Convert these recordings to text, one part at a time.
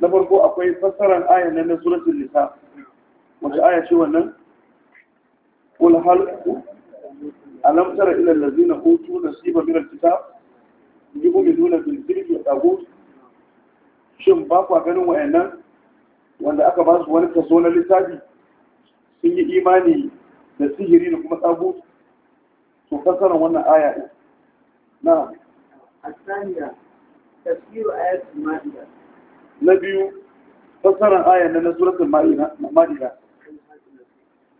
na farko akwai fassarar ayan nan na suratul nisa wata aya ce wannan qul hal alam tara ila allazina utu nasiba min alkitab yu'minuna bil jirgi wa tagut shin ba kwa ganin wayannan wanda aka ba su wani kaso na lissafi sun yi imani da sihiri da kuma tagut to fassarar wannan aya na الثانية تفسير آيات المائدة نبي فسر آية من سورة المائدة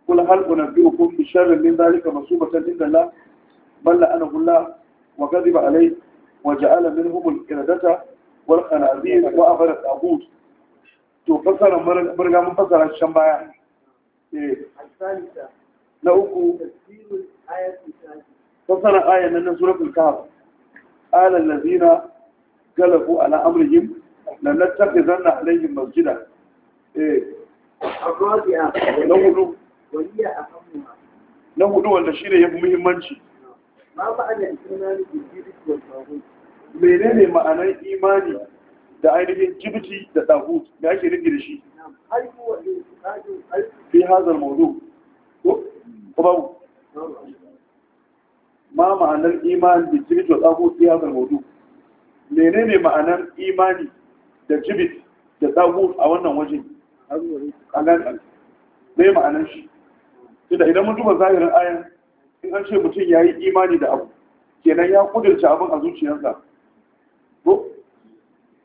قل هل أنبئكم بشر من ذلك مصوبة عند الله بل لأنه الله وكذب عليه وجعل منهم الكردة والخنازير وأخر التابوت تفسر مرقا من mun fassara إيه. الثالثة baya تفسير آية fassara ayan آية من سورة الكهف قال الذين galafu ala amrihim la zanna alaihim masjida eh na hudu na hudu wanda shine yafi muhimmanci ma ma'ana imani da ma'anar imani da ainihin jibiti da tawhid da ake rigi da shi fi hazar mawdu ko ma ma'anar imani da jibiti da tawhid fi hazar mawdu menene ma'anar imani da jibit da tsago a wannan waje ne ma'anar shi tunda idan mun duba zahirin ayan in an ce mutum ya yi imani da abu kenan ya kudurce abin a zuciyarsa to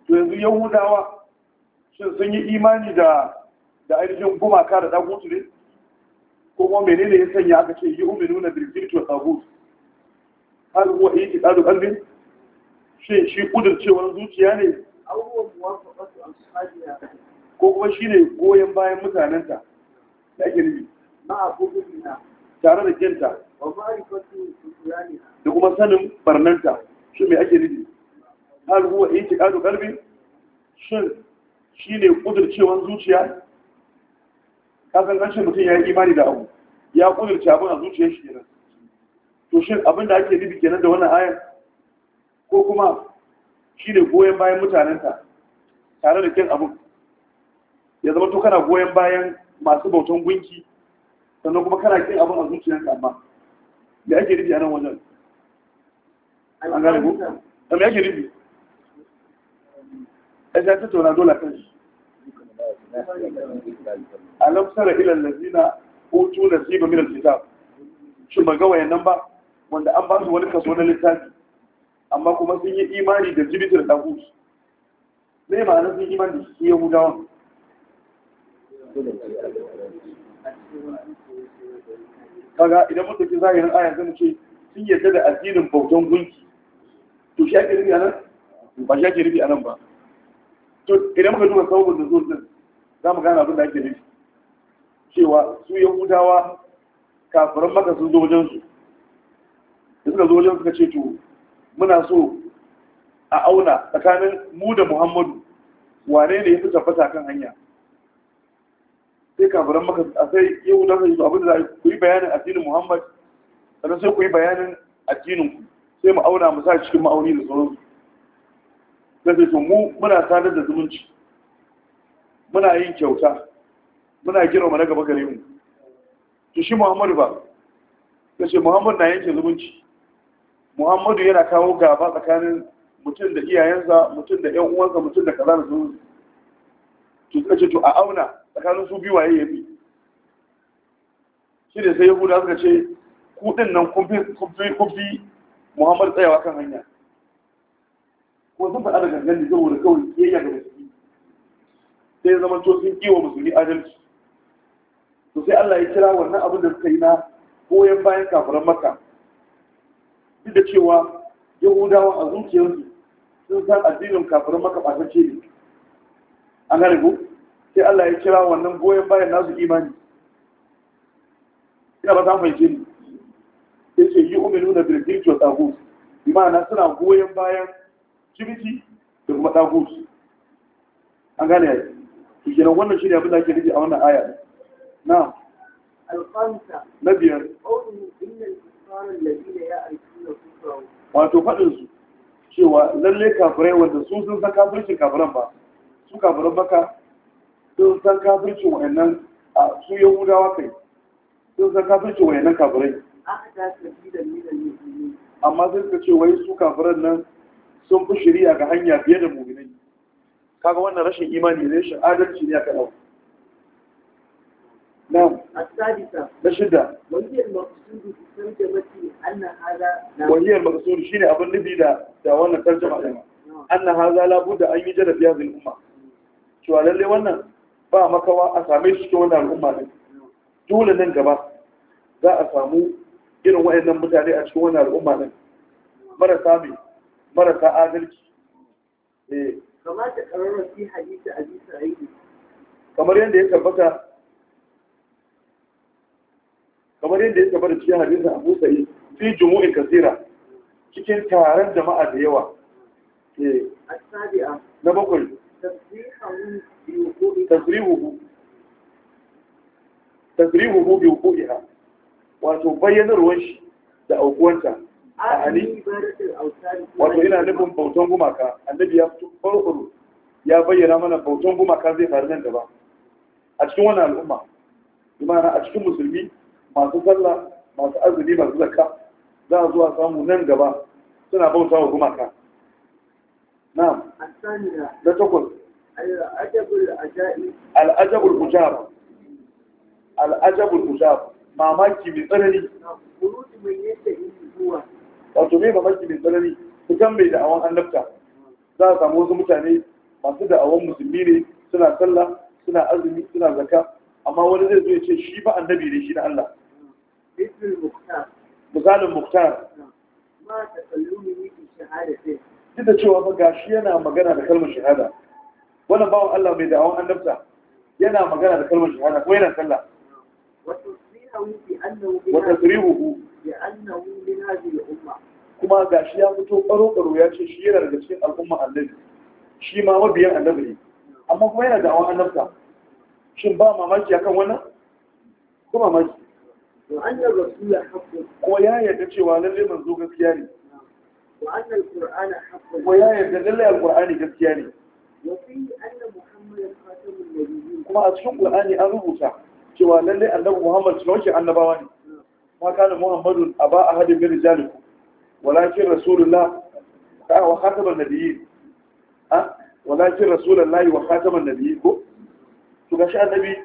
yanzu yahudawa shin sun yi imani da da ainihin gumaka da dagutu ne ko kuma menene ya sanya aka ce yi umminu na birgirki wa tsago har huwa iya ƙi tsarin shi shi kudircewar zuciya ne ko kuma shi ne goyon bayan mutanenta da ake nufi tare da kyanta da kuma sanin barnanta shi mai ake nufi har huwa in ci ƙado kalbi shin shi ne kudircewar zuciya kasan ƙarshen mutum ya yi imani da abu ya kudirce abin a zuciyar shi ne. to shi abin da ake nufi kenan da wannan ayar ko kuma shi ne goyon bayan mutanenta tare da kin abin ya zama to kana goyon bayan masu bautan gunki sannan kuma kana kin abin a zuciyarka amma me ake ribi a nan wajen an gane ko me ake nufi a ta tattauna dole kan shi alam sara ilan lazina utu nasiba min alkitab shin ba ga wayannan ba wanda an ba su wani kaso na littafi amma kuma sun yi imani da jibitar ɗagus mai ma'anar sun yi imani da shi yahudawan kaga idan mun tafi zahirin aya zan ce sun yarda da addinin bautan gunki to shi ake a anan ba shi ake a anan ba to idan muka duba sabon da zuwa zan, za mu gane abin da ake rufi cewa su yahudawa kafin maka sun zo wajen su da suka zo wajen suka ce to muna so a auna tsakanin mu da muhammadu wane ne ya fi tabbata kan hanya sai kafiran maka a sai yau da su abin da za ku yi bayanin addinin muhammad sannan sai ku yi bayanin addinin ku sai mu auna mu sa cikin ma'auni da sauransu da sai mu muna sadar da zumunci muna yin kyauta muna girma na gaba gare mu to shi muhammadu ba ya ce muhammadu na yanke zumunci muhammadu yana kawo gaba tsakanin mutum da iyayensa mutum da 'yan uwansa mutum da kaza da su to suka ce to a auna tsakanin su biyu waye yafi shi ne sai yahuda suka ce kudin nan kun fi muhammadu tsayawa kan hanya ko sun faɗa da gangan ne saboda kawai kiyayya ga musulmi sai zama to sun kiwa musulmi adalci to sai Allah ya kira wannan abin da suka yi na goyon bayan kafiran maka duk da cewa yahudawa a zuciyarsu sun san addinin kafin kafirin makabatacce ne an gane sai Allah ya kira wannan goyon bayan nasu imani ina ba ta fahimce ni ce yi uminu na birgirki wa tagus imana suna goyon bayan jibiti da kuma tagus an gane yayi to kenan wannan ne abin da ake nufi a wannan aya na na biyar wato faɗin su cewa lalle kafirai wanda sun sun san kafircin kafiran ba su kafiran baka sun san kafircin wayannan a su yahudawa kai sun san kafircin wayannan kafirai amma sai suka ce wai su kafiran nan sun fi shirya ga hanya biye da mu'minai kaga wannan rashin imani ne shi adalci ne aka dauka نعم السادسة نشدة وهي المقصود بالترجمة أن هذا وهي المقصود شيء أبو النبي دا دا ترجمة لنا أن هذا لابد أن يوجد في هذه الأمة شو قال لي وانا makawa a same shi cikin wannan al'umma ne dole nan gaba za a samu irin wayannan mutane cikin wannan al'umma ne marasa mai marasa adalci eh. kamar yadda ya tabbata kamar yadda ya gaba da cikin hadisin abu sa'id fi jumu'in kasira cikin taron jama'a da yawa eh. na bakwai tasrihuhu biyu bi wuqu'iha wato bayyanarwar shi da aukuwanta a ani wato ina nufin bautan gumaka annabi ya fito farko ya bayyana mana bautan gumaka zai faru nan gaba a cikin wannan al'umma imana a cikin musulmi masu sallah masu azumi masu zaka za a zuwa samu nan gaba suna bauta wa gumaka na takwas al'ajabul ujab al'ajabul ujab mamaki mai tsanani wato mai mamaki mai tsanani kan mai da'awan annabta za a samu wasu mutane masu da'awan musulmi ne suna sallah suna azumi suna zaka amma wani zai zo ya ce shi ba annabi ne shi na Allah misalin muktar duk da cewa ba gashi yana magana da kalmar shahada wannan bawan Allah mai da'awan annabta yana magana da kalmar shahada ko yana sallah wata tsirihuhu kuma gashi ya fito ƙaro-ƙaro ya ce shi yana daga cikin al'umma annabi shi ma mabiyan annabi ne amma kuma yana da'awan annabta shin ba mamaki akan wannan ko mamaki wa ko ya yarda cewa lalle manzo gaskiya ne wa ko ya yarda lalle alqur'ani gaskiya ne kuma a cikin qur'ani an rubuta cewa lalle annabi muhammad shi annabawa ne ma kana muhammadun aba ahadin min rijalikum walakin rasulullah wa khataman nabiyyin ah walakin rasulullahi wa khataman nabiyyin ko to gashi annabi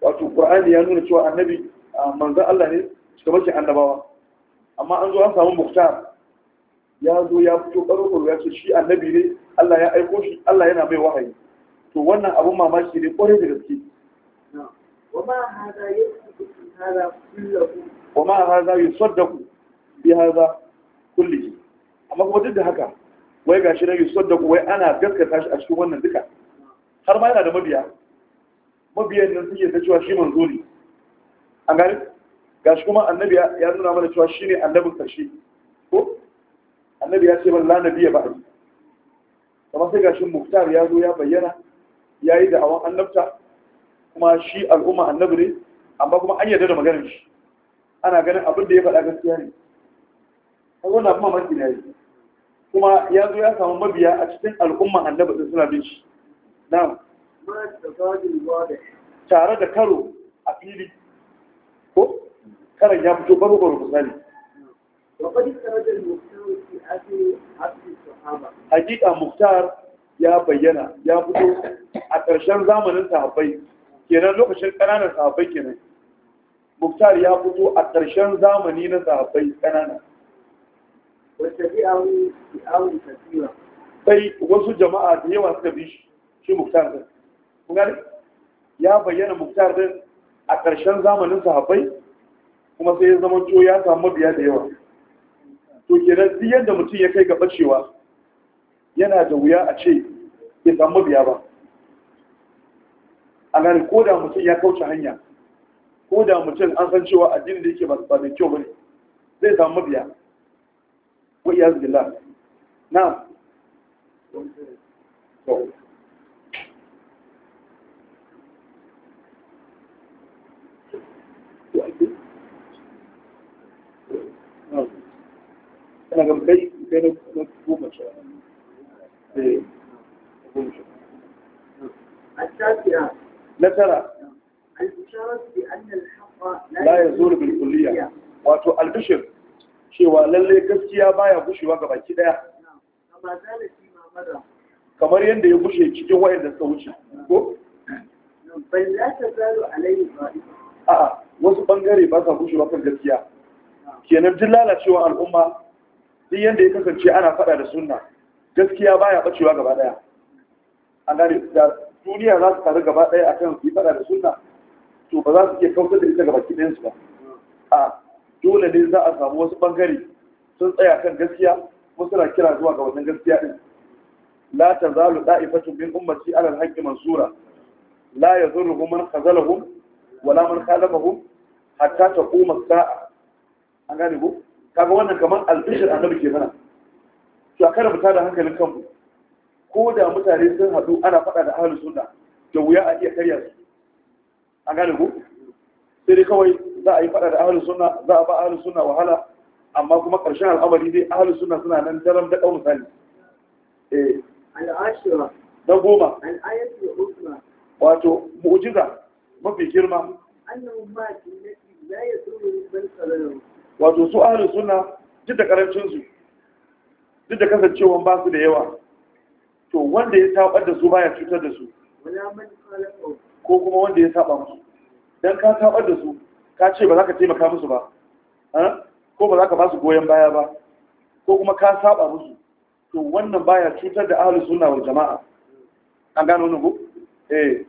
wato qur'ani ya nuna cewa annabi Ah, manzan Allah ne shugabancin annabawa amma an zo an samu muktar ya zo ya fito ƙarfafar ya ce shi annabi ne Allah ya aiko shi Allah yana mai wahayi to wannan abun mamaki ne ƙwarai da gaske wama haza yi saddaku bi haza kullihi amma kuma duk da haka wai gashi na yi ku, wai ana gaskata shi a cikin wannan duka har ma yana da mabiya mabiyan nan suke ta cewa shi manzo ne an gani gashi kuma annabi ya nuna mana cewa shine annabin karshe ko annabi ya ce ban la nabiya ba kamar sai gashi muktar ya zo ya bayyana ya yi da'awan annabta kuma shi al'umma annabi ne amma kuma an yarda da maganar shi ana ganin abin da ya faɗa gaskiya ne har wannan abin mamaki ne yi kuma ya zo ya samu mabiya a cikin al'umma annabi din suna bin shi na'am tare da karo a fili ko karan ya fito baro baro misali hakika muktar ya bayyana ya fito a ƙarshen zamanin sahabbai kenan lokacin ƙananan sahabbai kenan muktar ya fito a ƙarshen zamani na sahabbai ƙanana sai wasu jama'a da yawa suka bi shi muktar ɗin ya bayyana muktar ɗin a ƙarshen zamanin sahabbai kuma sai ya zama co ya samu biya da yawa to kenan duk yadda mutum ya kai gaba cewa yana da wuya a ce ya samu biya ba a gani ko da mutum ya kauce hanya ko da mutum an san cewa addini da yake ba mai kyau ne zai samu mabiya wa iyaz billah na to na gaba kai kai na goma sha eh, na tara la ya zo bil kulliya wato albishir cewa lalle gaskiya baya gushewa ga baki daya kamar yadda ya gushe cikin wayar da sauci ko bai a'a wasu bangare ba sa gushewa kan gaskiya kenan duk lalacewa al'umma duk yadda ya kasance ana faɗa da suna, gaskiya baya bacewa gaba ɗaya an gane da duniya za su taru gaba ɗaya akan su yi faɗa da suna? to ba za su iya kautar da ita gaba ɗin su ba a dole ne za a samu wasu bangare sun tsaya kan gaskiya Wasu suna kira zuwa ga wannan gaskiya ɗin la da da'ifatu min ummati ala al-haqqi mansura la yadhurruhum man khazalahum wala man khalafahum hatta taquma as-sa'a an gane ko kaga wannan kamar albishir annabi ke mana to a kada mu tada hankalin kanmu ko da mutane sun haɗu ana faɗa da ahlus sunna da wuya a iya karya su an gane ku sai dai kawai za a yi faɗa da ahlus sunna za a ba ahlus sunna wahala amma kuma ƙarshen al'amari dai ahlus sunna suna nan daram da ƙau misali eh al'ashira na goma al'ayatul usma wato mu'jiza mafi girma annahu ma jinnati la yadurru man sarrahu wato su ahalin suna duk da karancin duk da kasancewan ba su da yawa to wanda ya tabar da su baya cutar da su ko kuma wanda ya saɓa musu don ka tabar da su ka ce ba za ka taimaka musu ba eh? ko ba za ka ba su goyon baya ba ko kuma ka saɓa musu to wannan baya cutar da ahalin suna wa jama'a an gano ne ko eh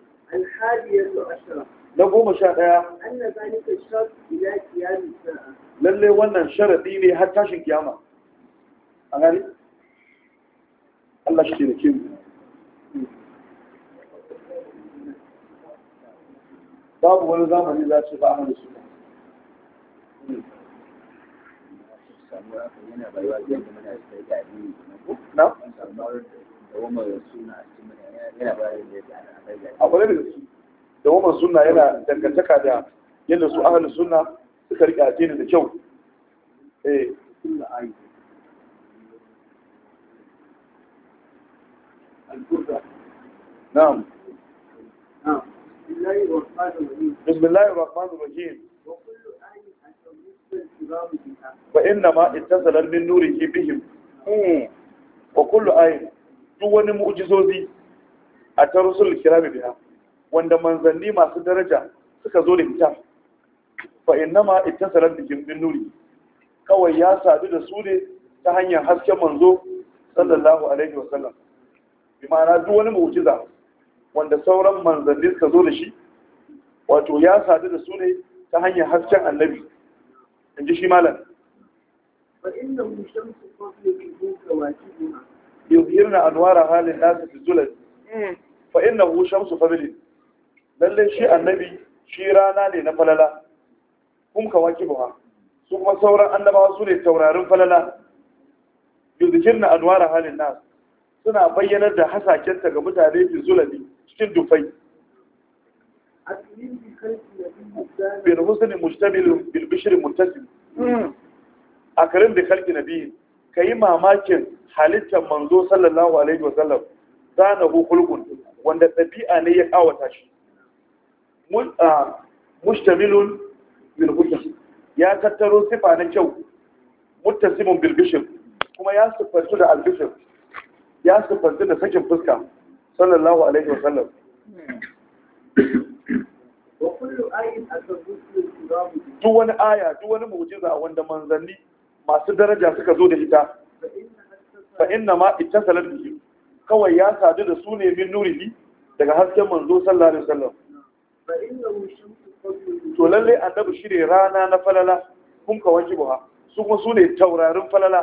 na goma sha ɗaya. Anna zalika shaf ila qiyam sa'a. lalle wannan sharaɗi ne har tashin kiyama a gani Allah shi ke da ke mu babu wani zamani za ce ba a hannu su ba a kwanar da su da woman suna yana dangantaka da yadda su ahalin suna suka riƙe addini da kyau eh na'am بسم الله الرحمن الرحيم وإنما اتصل من نوره بهم وكل آية duk wani mu'jizozi a tarusul wanda manzanni masu daraja suka zo da ita fa ita ittasalat bihim min nuri kawai ya sadu da su ne ta hanyar hasken manzo sallallahu alaihi wa sallam bi ma'ana duk wani mu'jiza wanda sauran manzanni suka zo da shi wato ya sadu da su ne ta hanyar hasken annabi in ji shi malam yuhirna anwara halin nasu fi zulal hmm. fa innahu shamsu fadlin lalle shi annabi shi rana ne na falala ka waki ba su kuma sauran annabawa su ne taurarin falala na anwara halin nas suna bayyanar da hasakenta ga mutane fi zulabi cikin dufai bin husni bil muttasim a karin da kalki nabi kayi mamakin halittar manzo sallallahu alaihi wasallam zanahu khulqun wanda ɗabi'a ne ya kawata shi mustamilun bil ya tattaro sifa na kyau muttasimun bil bishr kuma ya sifantu da al bishr ya sifantu da sakin fuska sallallahu alaihi wa sallam duk wani aya duk wani mu'jiza wanda manzanni masu daraja suka zo da ita fa inna ma ittasalat bihi kawai ya sadu da su ne min nurihi daga hasken manzo sallallahu alaihi wasallam fa inna to lalle annabi shi ne rana na falala kun ka wanki ba su kuma su ne taurarin falala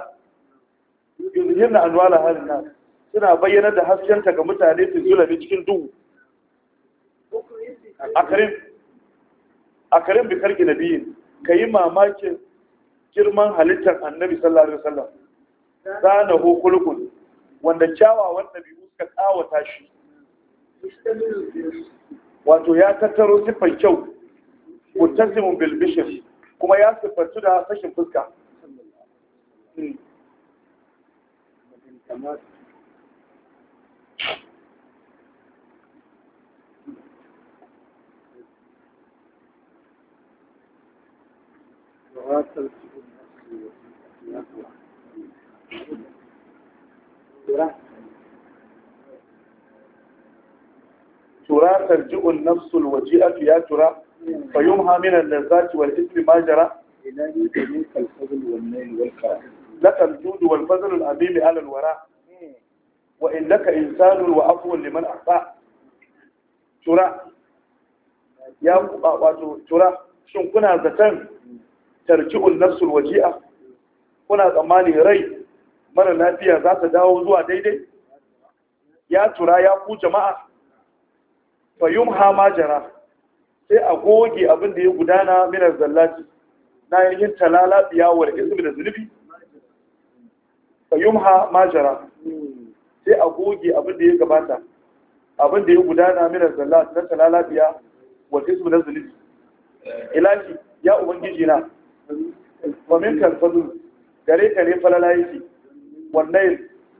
yin na anwala halin nan suna bayyana da haskenta ga mutane su zula ne cikin duhu a karin bikar gina ka yi mamakin girman halittar annabi sallallahu alaihi wasallam zana hukulukun wanda kyawawan ɗabi'u suka tsawata shi wato ya tattaro siffar kyau متزم بالبشر كما ياسف فتودا فشن فسكا تراث ترجع النفس الوجيئة يا تراث fa yumha min al-lazzati wal ismi ma jara ila yudin al-fadl al-jud wal fadl al-azim ala wa innaka insanun wa tura ya wato tura shin kuna zaton tarji'ul nafsul waji'a kuna tsammanin rai mara lafiya za ta dawo zuwa daidai ya tura ya ku jama'a fa yumha ma jara sai a goge abin da ya gudana minar zallaci na yin talala biyawar ismi da zunubi ma majara sai a goge abin da ya gabata abin da ya gudana minar zallaci na talala biya wa ismi da zunubi ilaki ya ubangiji na famin kalfadun gare ka ne falala yake wannan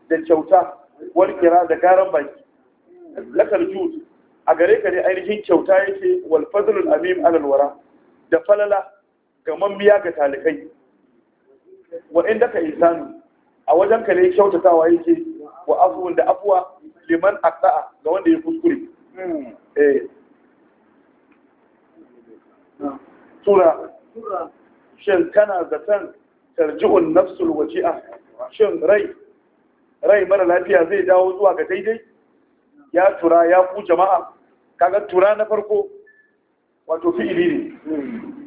da kyauta wani kira da garan baki lakar jud a gare ka ne ainihin kyauta yake wal fadlul amim alal wara da falala ga mambiya ga talikai wa inda ka insanu a wajen ka ne kyautatawa yake wa afuwan da afuwa liman aqta'a ga wanda ya kuskure hmm. eh shin kana zatan tarji'un nafsul waji'a shin rai rai mara lafiya zai dawo zuwa ga daidai ya tura ya ku jama'a kaga tura na farko wato fi'ili ne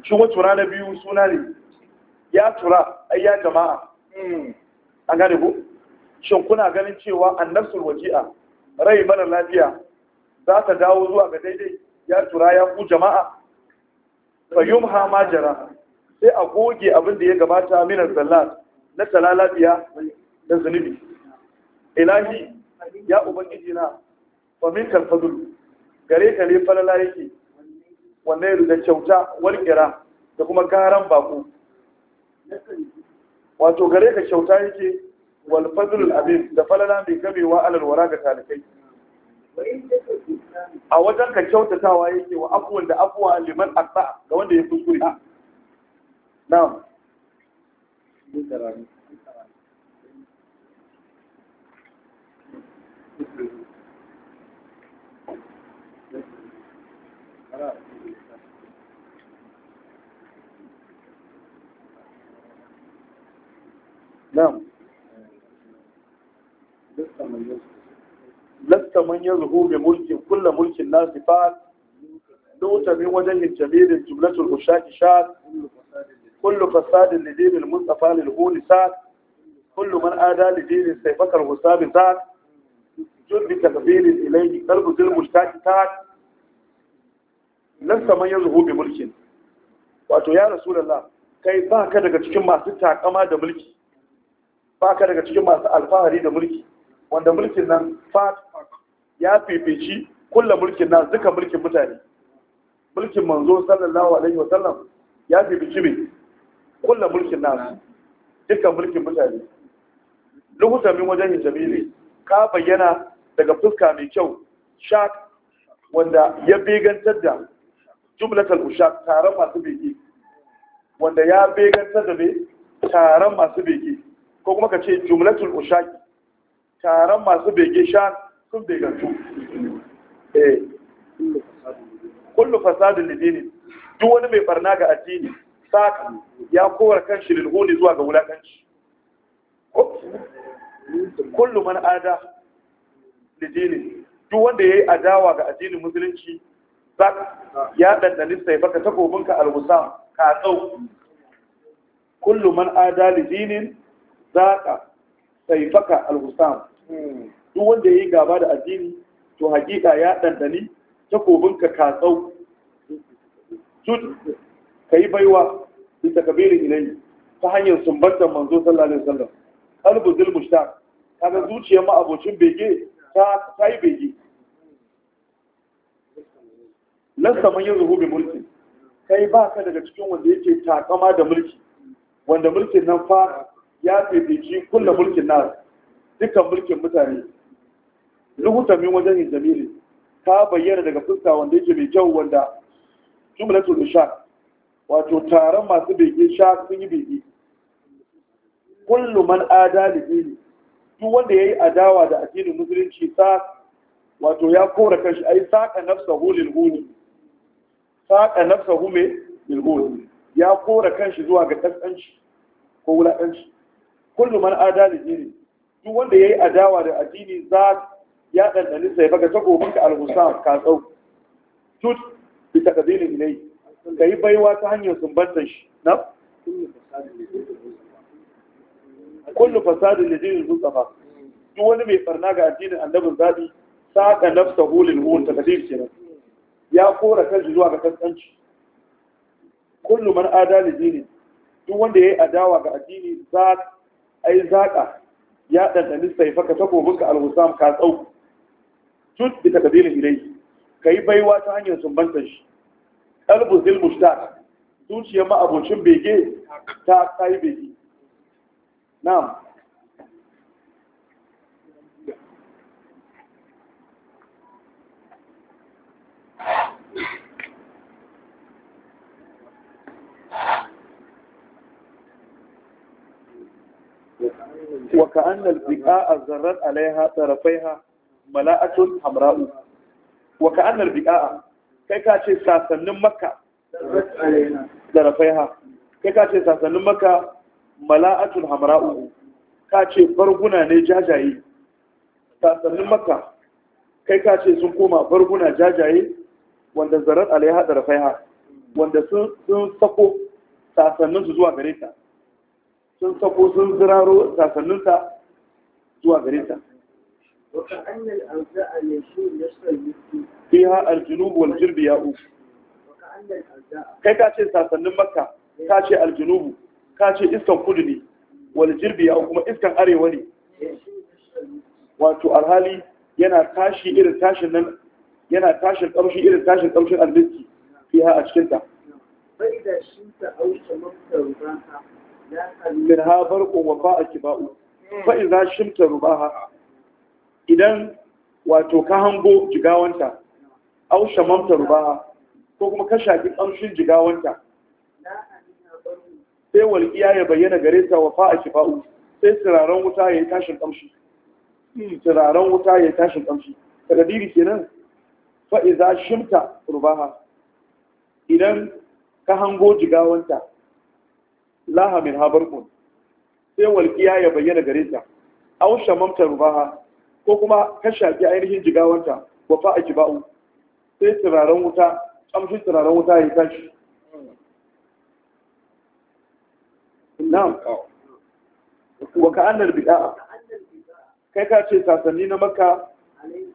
shi kuma tura na biyu suna ne ya tura ai ya jama'a an gane ku. shin kuna ganin cewa annabsul waji'a rai mara lafiya za ta dawo zuwa ga daidai ya tura ya ku jama'a fayyum ha ma jara sai a goge abin da ya gabata minar zallat na talalabiya da zunubi ilahi ya ubangiji na famin kalfadulu gare ka ne falala yake wannan da kyauta walƙira da kuma karan bako wato gare ka kyauta yake walfadul abin da falala mai gamewa alalwara ga talikai a wajen ka kyautatawa yake wa afuwan da afuwa liman aksa ga wanda ya kuskure na'am Thank you. نعم لست من يزهو بملك كل ملك الناس بعد دوت من وجه الجميل الجملة الغشاك شاد كل فساد لدين المصطفى للهول ساد كل من آدى لدين سيفك الغساب زاد جد بتقبيل إليه قلب ذي المشتاك تاك lasta man yanzu bi mulkin wato ya rasulullah kai ba ka daga cikin masu takama da mulki ba ka daga cikin masu alfahari da mulki wanda mulkin nan fat ya fifici kulla mulkin nan duka mulkin mutane mulkin manzo sallallahu alaihi wa sallam ya fifici mai kulla mulkin nan duka mulkin mutane lokuta min wajen ne, ka bayyana daga fuska mai kyau shak wanda ya begantar da jumlatul ushaq taron masu bege wanda ya begantar da taron masu bege ko kuma ka ce jumlatul ushaq taron masu bege shan sun begantu eh kullu fasadun lidini duk wani mai barna ga addini saka ya kowar kan shi lilhuni zuwa ga wulakanci kullu man ada lidini duk wanda yayi adawa ga addinin musulunci ya ɗanɗani sai baka takobinka alwusa ka tsau kullu man adali dinin zaka sai baka alwusa duk wanda yayi gaba da addini to hakika ya ɗanɗani takobinka ka tsau jud kai baiwa bi takbirin ilai, ta hanyar sumbantar manzo sallallahu alaihi wasallam qalbu zil mushtaq kaga zuciyar ma abocin bege ta yi bege lasta mun yi zuhu bi mulki kai ba ka daga cikin wanda yake takama da mulki wanda mulkin nan fa ya fifici kulla mulkin nan, dukkan mulkin mutane rubuta min wajen jamili ta bayyana daga fuska wanda yake mai kyau wanda da sha wato taron masu bege sha sun yi bege kullu man adali dini duk wanda yayi adawa da addinin musulunci sa wato ya kora kashi ai saka nafsa hulil huli. saƙa nafsa hume bilhul ya kora kanshi zuwa ga ƙasƙanci ko wulaƙanci kullum man adali ne duk wanda ya yi adawa da addini za ya ɗanɗani sai baka takobin ka alhusam ka tsau tut bi takadirin ilai ka yi baiwa ta hanyar sumbantar shi na Kullum fasadin da jinin tsafa, duk wani mai farna ga addinin annabin zaɓi saƙa nafsa hulil hul takadir kenan ya kora kanshi zuwa ga kaskanci kullu man adali dini duk wanda yayi adawa ga addini za ai zaka ya dandani sai faka takobin ka al ka tsau tut bi takdirin ilai kai baiwa ta hanyar sumbantar shi qalbu zil mushtaq zuciyar ma abocin bege ta kai bege na'am wa ka annal biqa'a zarrat alaiha hamra'u wa ka kai ka ce sasannin makka tarafaiha kai ka ce sasannin makka mala'atun hamra'u ka ce barguna ne jajaye sasannin makka kai ka ce sun koma barguna jajaye wanda zarar alaiha tarafaiha wanda sun sako sasannin su zuwa gare sun sako sun ziraro sasanninta zuwa gare ta وكأن الأوزاء يشيل ya المسجد kai ka ce sasannin makka ka ce aljunubu ka ce iskan kudu ne wal jirbi ya kuma iskan arewa ne wato alhali yana tashi irin tashin nan yana tashin kamshi irin tashin kamshin albiski fiha a cikinta. bai da shi ta auta mafi min ha barqun wa fa'a kiba'u fa idza shimta rubaha idan wato ka hango jigawanta aw mamta rubaha ko kuma ka shaki kamshin jigawanta sai walƙiya ya bayyana gare ta wa fa'a kiba'u sai turaren wuta ya yi tashin kamshi turaren wuta ya yi tashin kamshi takadiri kenan fa idza shimta rubaha idan ka hango jigawanta laha min habarkun sai walƙiya ya bayyana gare ta aw shamamta rubaha ko kuma ka shafi ainihin jigawanta wa fa ajba'u sai turaren wuta kamshin turaren wuta ya tashi na'am wa bida'a kai ka ce sasanni na makka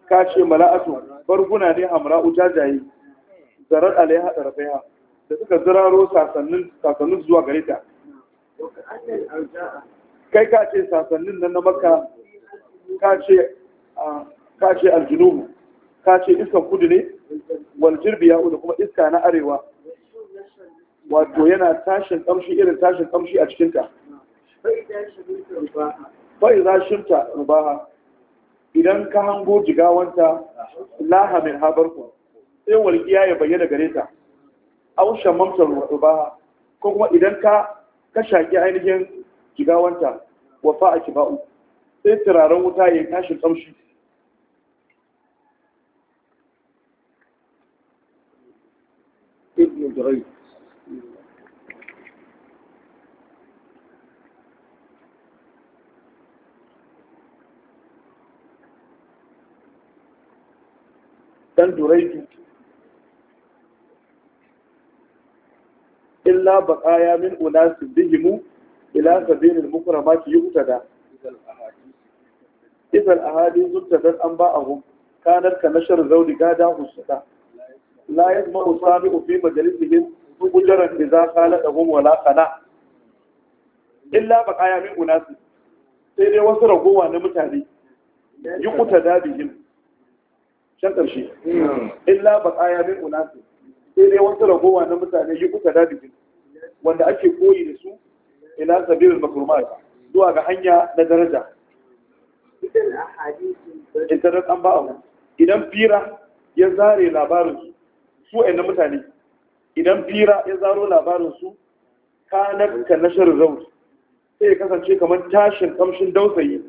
ka ce mala'atu barguna ne hamra'u jajaye zarar alaiha ɗarfaiha da suka ziraro sasannin zuwa gare ta kai ka ce sasannin nan na maka ka ce aljinubu ka ce iskan kudu ne waljirbi ya da kuma iska na arewa wato yana tashin kamshi irin tashin kamshi a cikinta fa'i za shimta rubaha idan ka hango jigawanta lahamin habarku sai walgiya ya bayyana gare ta aushen mamtar rubaha ko kuma idan ka ka shaƙi ainihin jigawanta wa fa'a kiba'u sai turaren wuta ya tashi kamshi ibn dan illa baqaya min unas bihim ila sabil al mukramat yuqtada idza al ahadith tuqtada an ba'ahu kanat ka nashr zawdi gada husada la yasma'u sami'u fi majlisihim ujran idza qala lahum wala qana illa baqaya min unas sai dai wasu ragowa na mutane yi kuta dabihim shan karshe hmm. illa baqaya min unas sai dai wasu ragowa na mutane yi kuta dabihim wanda ake koyi da su ila sabirin makurmat zuwa ga hanya na daraja idan an ba abu idan fira ya zare labarinsu su ɗan mutane idan fira ya zaro labarinsu kanar ka nashar raut sai kasance kamar tashin kamshin dausayi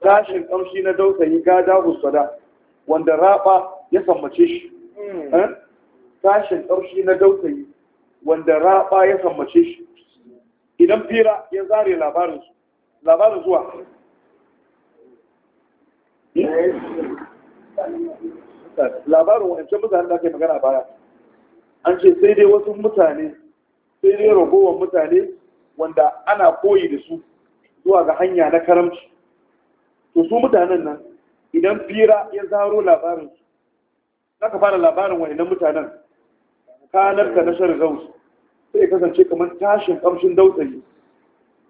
tashin kamshi na dausayi gada husada wanda raba ya sammace shi hmm. eh? tashin kamshi na dausayi wanda raba ya sammace shi idan fira ya zare labarin su labarin zuwa labarin wancan mutane da aka yi magana baya an ce sai dai wasu mutane sai dai ragowar mutane wanda ana koyi da su zuwa ga hanya na karamci to su mutanen nan idan fira ya zaro labarin su ka fara labarin wani mutanen kanar ka shan gaus sai kasance kamar tashin kamshin dautsayi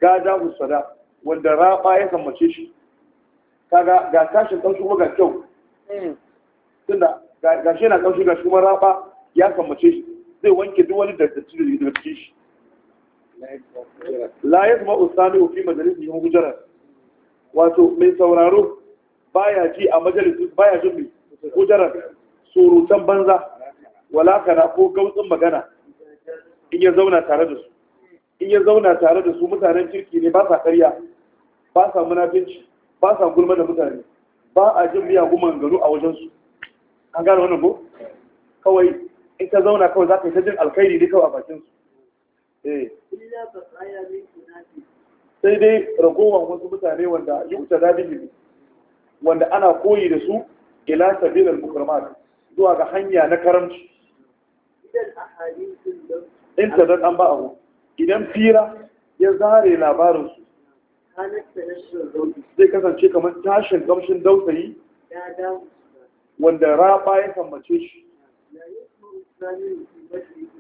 gada sada wanda raba ya sammace shi kaga ga tashin kamshin kuma ga kyau hmm. tunda ga shi na kamshi ga shi kuma raba ya sammace shi zai wanke duk wani dattaci da daga cikin shi la yasma usani fi majalisi yin gujarat wato mai sauraro baya ji a majalisi baya jin gujarat surutan banza Wala kana ko gautsin magana in ya zauna tare da su in ya zauna tare da su mutanen kirki ne ba sa karya ba sa munafinci ba sa gulma da mutane ba a jin guman garu a wajensu an gane wannan ko kawai in ka zauna kawai za ka yi ta jin alkhairi ne kawai a bakinsu eh. sai dai ragowa wasu mutane wanda yi wuce daɗin wanda ana koyi da su ila sabilar mukarmat zuwa ga hanya na karamci Inta da ɗan ba abu idan fira ya zare labarinsu zai kasance kamar tashin kamshin dausayi wanda raba ya sammace shi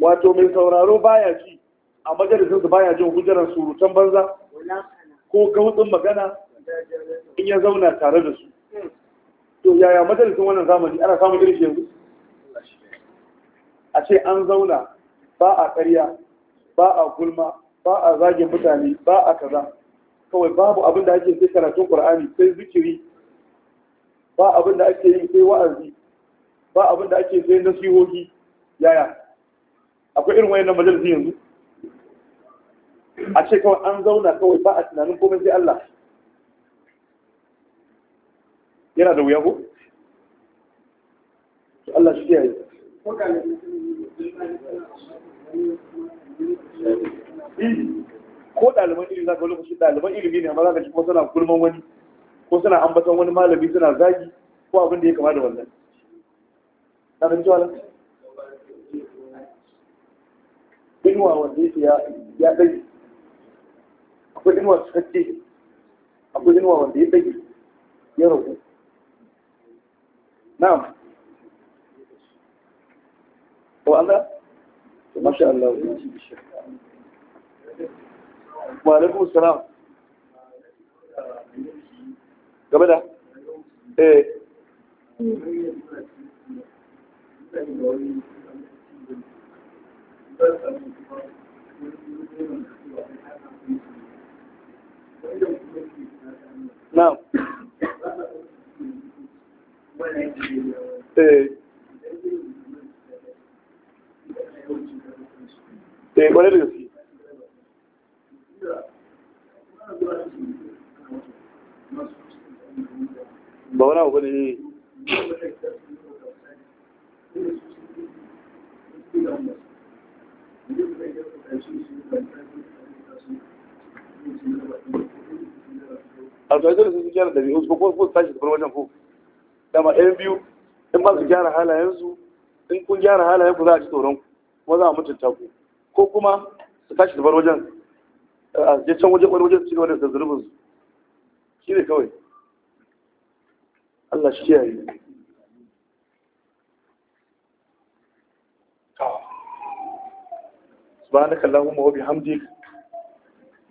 wato mai sauraro baya ji a majalisar su baya jin hujjarar surutan banza ko gautsin magana in ya zauna tare da su to yaya majalisar wannan zamani ana samun irin yanzu a ce an zauna ba a ƙarya ba a gulma ba a zagin mutane ba a kaza kawai babu abin da ake sai karatun qur'ani sai zikiri ba abin da ake yi sai wa'azi ba abin da ake sai nasihohi yaya akwai irin wayannan majalisi yanzu a ce kawai an zauna kawai ba a tunanin komai sai Allah yana da wuya ko Allah shi ya yi ko ɗaliban ilimi za ka wani lokaci ɗaliban ilimi ne amma za ka ci kuma suna gulman wani ko suna ambaton wani malami suna zagi ko abin da ya kama da wannan na kan cewa nan inuwa wanda yake ya ɗage akwai inuwa cikakke akwai inuwa wanda ya ɗage ya rabu na'am هو أنا ما شاء الله وعليكم السلام قبلها ايه نعم ايه eh da gaske ba wani abu ne a sun gyara da biyu ko ko tashi da wajen ko dama yan biyu in ba su gyara halayensu in kun gyara halayen ku za a ci tsoron ku kuma za a mutunta ku ko kuma su tashi su bar wajen a je can wajen wani wajen su ci da su shi ne kawai Allah shi kiyaye سبحانك اللهم وبحمدك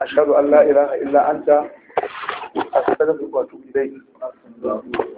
أشهد أن لا إله إلا أنت أستغفرك وأتوب إليك